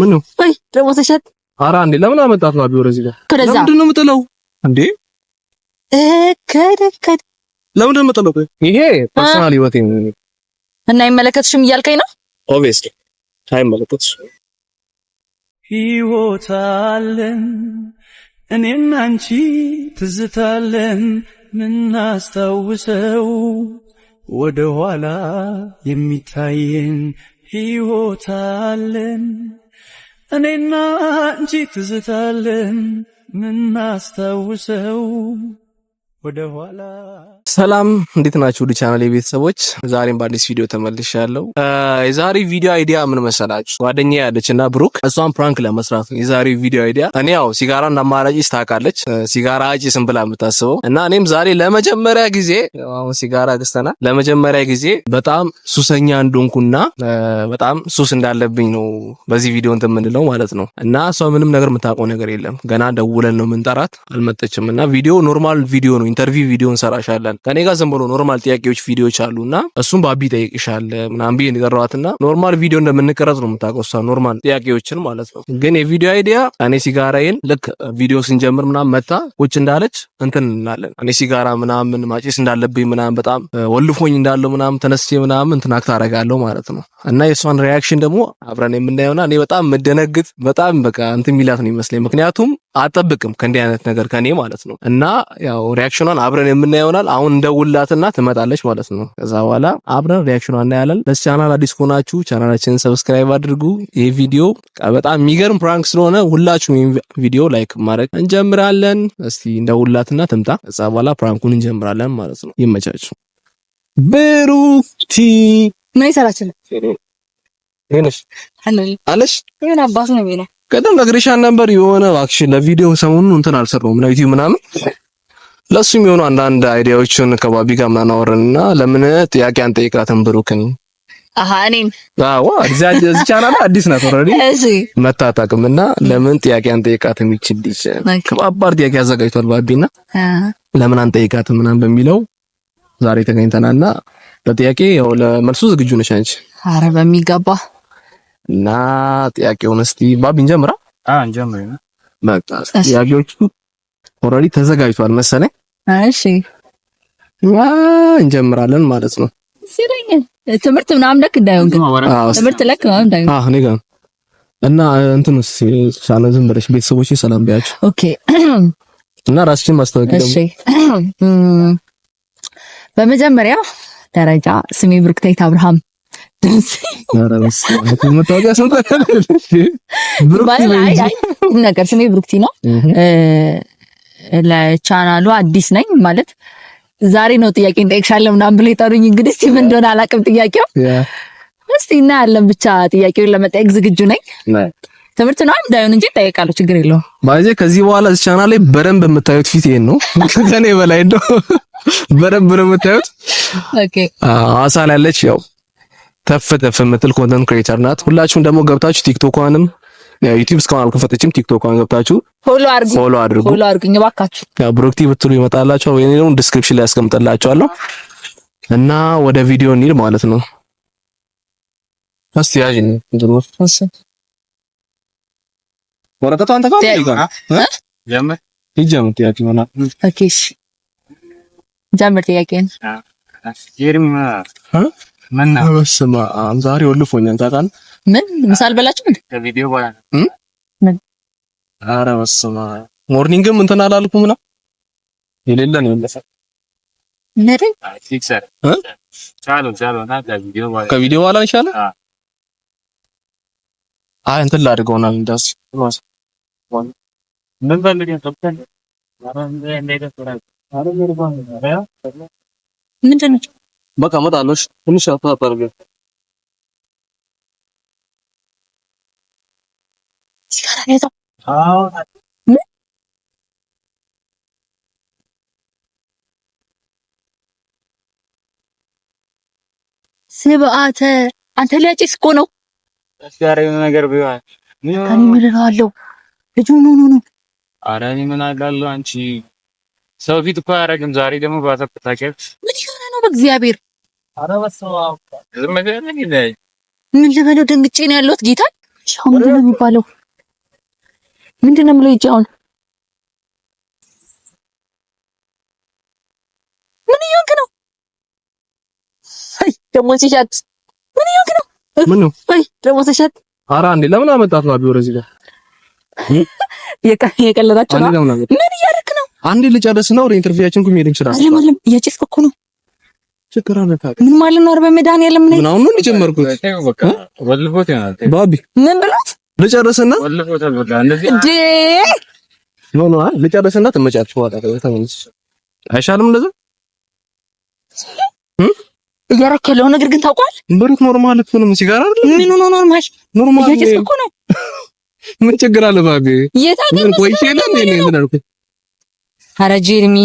ምን ነው? አይ ደግሞ ተሸጥ። ኧረ አንዴ ለምን አመጣት ነው? አቢ ወደዚህ ጋር ለምንድን ነው የምጥለው እንዴ? እከደከደ ለምንድን ነው የምጥለው? ይሄ ፐርሰናል ህይወቴ ነው እና አይመለከትሽም እያልከኝ ነው? ኦብቪስሊ አይመለከትሽም። ህይወት አለን እኔና አንቺ ትዝታለን ምናስታውሰው ወደ ኋላ የሚታየን ህይወት አለን። እኔና አንቺ ትዝታለን ምናስታውሰው ወደ ኋላ ሰላም፣ እንዴት ናችሁ? ውድ ቻናል የቤተሰቦች ዛሬም በአዲስ ቪዲዮ ተመልሻለሁ። የዛሬ ቪዲዮ አይዲያ ምን መሰላችሁ? ጓደኛ ያለች እና ብሩክ እሷን ፕራንክ ለመስራት ነው የዛሬ ቪዲዮ አይዲያ። እኔ ያው ሲጋራ አማራጭ ታውቃለች፣ ሲጋራ አጭስም ብላ የምታስበው እና እኔም ዛሬ ለመጀመሪያ ጊዜ አሁን ሲጋራ ገዝተናል። ለመጀመሪያ ጊዜ በጣም ሱሰኛ እንደሆንኩና በጣም ሱስ እንዳለብኝ ነው በዚህ ቪዲዮ እንትን የምንለው ማለት ነው። እና እሷ ምንም ነገር የምታውቀው ነገር የለም። ገና ደውለን ነው የምንጠራት፣ አልመጠችም። እና ቪዲዮ ኖርማል ቪዲዮ ነው ኢንተርቪው ቪዲዮ እንሰራሻለን። ከኔ ጋር ዝም ብሎ ኖርማል ጥያቄዎች ቪዲዮዎች እና እሱም ባቢ ጠይቅሻል ምናምን ብዬ የጠራኋትና ኖርማል ቪዲዮ እንደምንቀረጽ ነው የምታውቀው እሷ ኖርማል ጥያቄዎችን ማለት ነው። ግን የቪዲዮ አይዲያ እኔ ሲጋራዬን ልክ ቪዲዮ ስንጀምር ምናምን መታ ቁጭ እንዳለች እንትን እንላለን። እኔ ሲጋራ ምናምን ማጭስ እንዳለብኝ ምናምን በጣም ወልፎኝ እንዳለው ምናምን ተነስቼ ምናምን እንትን አክት አደርጋለሁ ማለት ነው እና የእሷን ሪያክሽን ደግሞ አብረን የምናየውና እኔ በጣም መደነግጥ በጣም በቃ እንትን የሚላት ነው ይመስለኝ። ምክንያቱም አጠብቅም ከእንዲህ አይነት ነገር ከኔ ማለት ነው እና ያው ሪያክሽን ሪያክሽኗን አብረን የምናየው ይሆናል። አሁን እንደውላትና ትመጣለች ማለት ነው። ከዛ በኋላ አብረን ሪያክሽኗን እናያለን። ቻናል አዲስ ከሆናችሁ ቻናላችንን ሰብስክራይብ አድርጉ። ይህ ቪዲዮ በጣም የሚገርም ፕራንክ ስለሆነ ሁላችሁም ቪዲዮ ላይክ ማድረግ እንጀምራለን። እስቲ እንደውላትና ትምጣ። ከዛ በኋላ ፕራንኩን እንጀምራለን ማለት ነው። ይመቻችሁ። ብሩክቲ ምን ይሰራችል? አለሽ ምን አባቱ ነው? ቀደም ነግሬሻን ነበር የሆነ እባክሽን ለቪዲዮ ሰሞኑን እንትን አልሰራሁም ነው ምናምን ለእሱ የሚሆኑ አንዳንድ አይዲያዎችን ከባቢ ጋር ምናናወረንና ለምን ጥያቄ አንጠይቃትን ብሩክን አሃ አዎ እዚህ ቻናል አዲስ ናት ኦልሬዲ እዚህ መታጠቅም እና ለምን ጥያቄ አንጠይቃትም ይችል ከባባር ጥያቄ አዘጋጅቷል ባቢና ለምን አንጠይቃትም ምናምን በሚለው ዛሬ ተገኝተናልና ለጥያቄ ያው ለመልሱ ዝግጁ ነሽ አንቺ አረ በሚገባ እና ጥያቄውን እስቲ ባቢ እንጀምራ አዎ እንጀምራ በቃ ጥያቄዎቹ ኦልሬዲ ተዘጋጅቷል መሰለኝ እሺ እንጀምራለን ማለት ነው። ትምህርት ምናምን ለክ እንዳይሆን ግን ትምህርት ለክ ምናምን እንዳይሆን። እኔ ጋር እና እንትን ሳለ ዝም ብለሽ ቤተሰቦች ሰላም ቢያቸው። ኦኬ። እና ራስሽን ማስታወቂ እሺ። በመጀመሪያ ደረጃ ስሜ ብሩክታይት አብርሃም ነገር ስሜ ብሩክቲ ነው። ለቻናሉ አዲስ ነኝ ማለት ዛሬ ነው ጥያቄ እንጠይቅሻለን ምናምን ብሎ የጠሩኝ። እንግዲህ እስቲ ምን እንደሆነ አላውቅም። ጥያቄው እስቲ እናያለን። ብቻ ጥያቄውን ለመጠየቅ ዝግጁ ነኝ። ትምህርት ነው እንዳይሆን እንጂ እጠይቃለሁ፣ ችግር የለውም። ማለት ከዚህ በኋላ እዚህ ቻናል ላይ በደንብ የምታዩት ፊት ይሄን ነው። ከኔ በላይ ነው በደንብ ነው የምታዩት። ኦኬ አሳላለች ያው ተፍ ተፍ የምትል ኮንተንት ክሬተር ናት። ሁላችሁም ደግሞ ገብታችሁ ቲክቶኳንም ዩቲዩብ እስካሁን አልከፈተችም። ቲክቶኳን ገብታችሁ ፎሎ አድርጉ፣ ፎሎ አድርጉ፣ ፎሎ አድርጉኝ እባካችሁ። ያው ብሮክቲ ብትሉ ይመጣላችሁ ወይ ነው ዲስክሪፕሽን ላይ ያስቀምጥላችኋለሁ። እና ወደ ቪዲዮ እንሂድ ማለት ነው። እስቲ ያጅ እንትሩ ወረቀቱ አንተ ጋር ይጋ ጀምር ይጀምር ጥያቄ ሆና ኦኬ እሺ ጀምር ጥያቄን ጀርማ ምን ነው በስመ አብ ዛሬ ወልፎኛል ታውቃለህ ምን ምሳ አልበላችሁ? ምን ኧረ በስመ አብ ሞርኒንግም እንትን አላልኩም ነው የሌለ ነው ከቪዲዮ በኋላ ይሻላል። አይ እንትን ላድርገውና እንደዚህ ምን ፈልገን ምንድን በቃ እመጣለሁ። እሺ ትንሽ አታጠርገ ስብአተ አንተ ሊያጭስ እኮ ነው። አስጋሪ ነገር ቢሆን ምን ምልራለው ልጁ ነው ነው ነው። ኧረ እኔ ምን አውቃለሁ? አንቺ ሰው ፊት እኮ አያደርግም። ዛሬ ደግሞ ባተፈታከፍ ምን ይሆነ ነው? በእግዚአብሔር ኧረ በሰው ዝም ብለህ ምን ልበለው? ደንግጬ ነው ያለሁት። ጌታ ሻው ምንድን ነው የሚባለው? ምንድን ነው የምለው? አሁን ምን እየሆንክ ነው? አይ ደግሞ ሲሻት ምን እየሆንክ ነው? ምን ነው? አይ ደግሞ ሲሻት ኧረ አንዴ ለምን አመጣት ነው? አቢ ወደዚህ ጋር የቀለዳቸው ነው። ምን እያደረክ ነው? አንዴ ልጨርስ ነው። ወደ ኢንተርቪያችን ኩም ይሄድን ይችላል። አይደለም አይደለም፣ እያጨስክ እኮ ነው። ችግር አለ ምን ማለት ነው? አረ በመድኃኒዓለም ምን ነው? ምን ጀመርኩት? ባቢ ምን ብላት ልጨርስና ኖ ኖ ልጨርስና ትመጫለሽ። አይሻልም? እንደዛ እያደረክ ያለው ነገር ግን ታውቋል። በሩት ኖርማል እኮ ነው። ሲጋራ አይደል? ምን ነው ኖርማል? ኖርማል እኮ ነው። ምን ችግር አለ? ባቢ ወይ ቆይቼ ነው ምን አልኩኝ? ኧረ ጀርሚ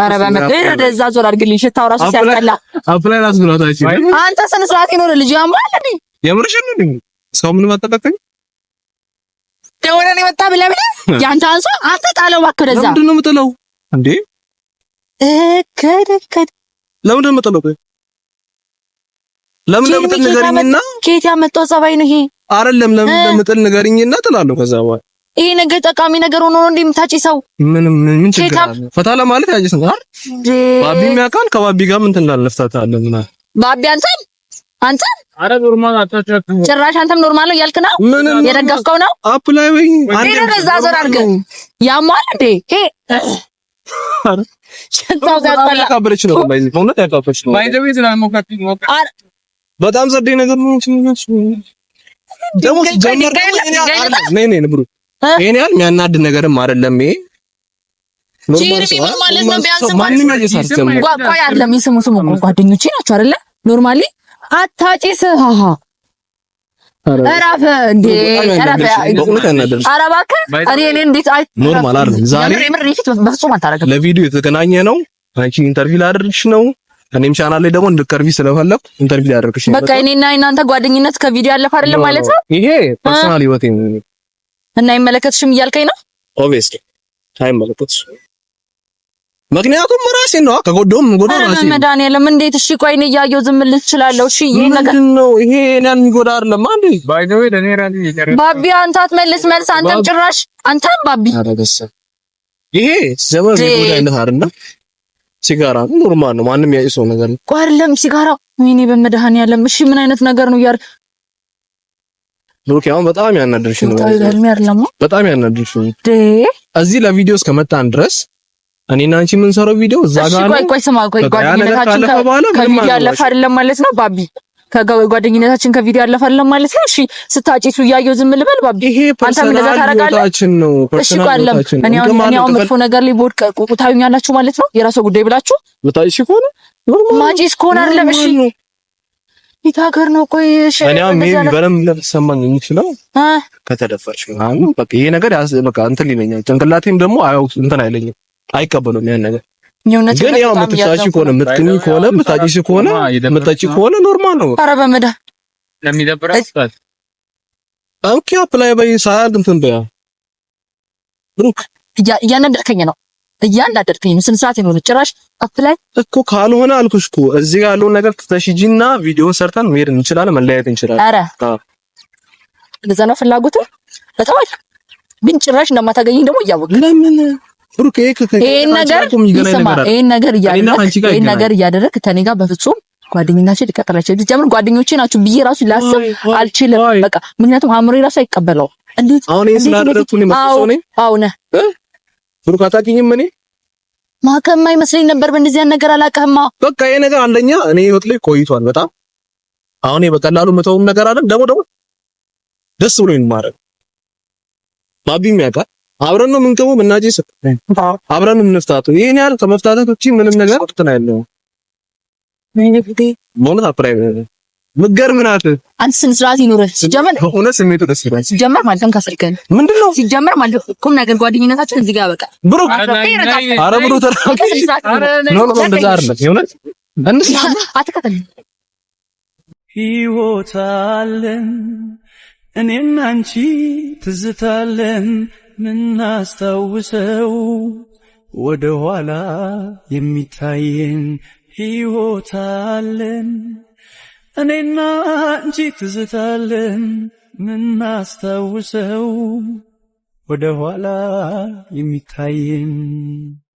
ኧረ በመጣ ወደዛ ዞር አድርግልኝ። ሽታው ራሱ ሲያስጠላ አፕላይ ራሱ ብላታችሁ አንተ ስነ ስርዓት ይኖር ልጅ ያምራል። የምርሽ ነው ሰው ምን ማጠጣቀኝ ደወለ ነው የመጣ ብለህ ብለህ ያንተ አንሶ አንተ ጣለው እባክህ ወደዛ። ለምንድን ነው የምጥለው እንዴ? እከደከድ ለምንድን ነው የምጥለው? ለምን ለምጥል ንገሪኝና፣ ከየት ያመጣው ጸባይ ነው ይሄ? አይደለም ለምን ለምጥል ንገሪኝና ጥላለሁ። ከዛ በኋላ ይሄ ነገር ጠቃሚ ነገር ሆኖ ነው እንደምታጭ ሰው ምን ምን ችግር አለ? ፈታ ለማለት ያጭስ ነው አይደል? ባቢ የሚያውቃል ከባቢ ጋር ምን ትላለህ? ፈታ አለ ምናምን ባቢ አንተን አንተ አረ ኖርማል አታቻክም። ጭራሽ አንተም ኖርማል ነው ያልክ ነው የደገፍከው ነው አፕ ላይ ወይ አንዴ ረዛ ዘር አድርገህ ያማል እንዴ ሄ በጣም ጸዴ ነገር ነው። ይሄን ያህል የሚያናድድ ነገርም አይደለም። ይሄ ነው። ነው። ጓደኞቼ ናቸው አይደለ ኖርማሊ አታጭስ ሃሃ እራፍ ለቪዲዮ የተገናኘ ነው። አንቺ ኢንተርቪው ላደርግሽ ነው። እኔም ቻናል ላይ ደግሞ እንድትቀርቢ ስለፈለኩ ኢንተርቪው ላደርግሽ ነው። በቃ እኔና እናንተ ጓደኝነት ከቪዲዮ ያለፈ አይደለም ማለት ነው። ይሄ ፐርሰናል ህይወቴ እና አይመለከትሽም እያልከኝ ነው። ኦብቪየስሊ አይመለከትሽም ምክንያቱም ራሴ ነው ከጎዶም ጎዶ ራሴ ነው። መድኃኒዓለም እንዴት እሺ፣ ቆይ ነው እያየሁ ዝም ልል እችላለሁ? እሺ፣ ይሄ ነገር ነው። ይሄ እኔን የሚጎዳ አይደለም። አንዴ ባይ ዘ ወይ ለኔ ራሴ ይጨርስ። ባቢ አንተ አትመልስ መልስ፣ አንተም ጭራሽ አንተም ባቢ አረጋሰ ይሄ ዘመን የሚጎዳ አይነት አይደለም። ሲጋራ ኖርማል ነው፣ ማንም ያይሰው ነገር ነው። ቆይ አይደለም ሲጋራ፣ ወይኔ ያለም እሺ፣ ምን አይነት ነገር ነው ያር ብሩክ አሁን በጣም ያናደርሽ ነው። በጣም ያናደርሽ ነው። እዚህ ለቪዲዮ እስከመጣን ድረስ እኔ እና አንቺ የምንሰራው ቪዲዮ እዛ ጋር ነው። ቆይ ቆይ ስማ፣ ቆይ ጓደኝነታችን ከቪዲዮ ያለፈ አይደለም ማለት ነው ባቢ? ጓደኝነታችን ከቪዲዮ ያለፈ አይደለም ማለት ነው። እሺ፣ ስታጭሱ እያየሁ ዝም ልበል ባቢ? አንተ ምን እንደዛ ታረጋለህ? እሺ፣ ቆይ አለም እኔ አሁን እኔ አሁን መጥፎ ነገር ላይ ቦድቀ ታዩኛላችሁ ማለት ነው። የራሱ ጉዳይ ብላችሁ ብታጭሱ ከሆነ ማጭስ ከሆነ አይደለም። እሺ፣ ይታገር ነው። ቆይ እሺ፣ እኔ አሁን ምን በለም ለተሰማኝ የሚችለው ከተደፈርሽ ምናምን በቃ ይሄ ነገር ያስ በቃ እንትን ይለኛል። ጭንቅላቴም ደግሞ አያውቅ እንትን አይለኝም አይቀበሉም ያን ነገር። ግን ያው የምትሳሺ ከሆነ የምትኝ ከሆነ የምታጪ ከሆነ የምትጠጪ ከሆነ ኖርማል ነው። ኧረ በመድኃኒዓለም ለሚደብራት ኦኬ፣ አፕላይ በይ ሳያል እንትን በያ ብሩክ፣ እያናደድከኝ ነው እያናደድከኝ ነው። ስንት ሰዓት ይሆን ጭራሽ አፕላይ እኮ ካልሆነ አልኩሽ እኮ እዚህ ያለውን ነገር ትተሽ ትተሽጂና ቪዲዮ ሰርተን መሄድ እንችላለን፣ መለያየት እንችላለን። ኧረ እንደዛ ነው ፍላጎቱ በተዋል። ግን ጭራሽ እንደማታገኘኝ ደግሞ እያወቅህ ለምን ይሄን ነገር እያደረግ ነገር እያደረግህ ይሄን ነገር እያደረግህ ከኔ ጋር በፍጹም ጓደኝነታችን ሊቀጥል አይችልም። ጀምር ጓደኞቼ ናቸው ብዬ ራሱ ላስብ አልችልም። በቃ ምክንያቱም አእምሮ ራሱ አይቀበለው። እንዴት አሁን ይሄን ስላደረግኩ ነው ማከማ ይመስለኝ ነበር። በእንደዚህ አይነት ነገር አላቀህማ። በቃ ይሄ ነገር አንደኛ እኔ ህይወት ላይ ቆይቷል በጣም አሁን በቀላሉ መተውም ነገር አለም ደግሞ ደግሞ ደስ ብሎ ማረግ ማቢም ያውቃል አብረን ነው የምንገባው። መናጨስ አብረን እንፍታት። ይሄን ያህል ከመፍታታት ውጪ ምንም ነገር እንትን አይደለም። ስርዓት ሲጀመር ምንድነው? እኔና አንቺ ትዝታለን ምናስታውሰው ወደ ኋላ የሚታየን ሕይወት አለን እኔና አንቺ ትዝታለን ምናስታውሰው ወደ ኋላ የሚታየን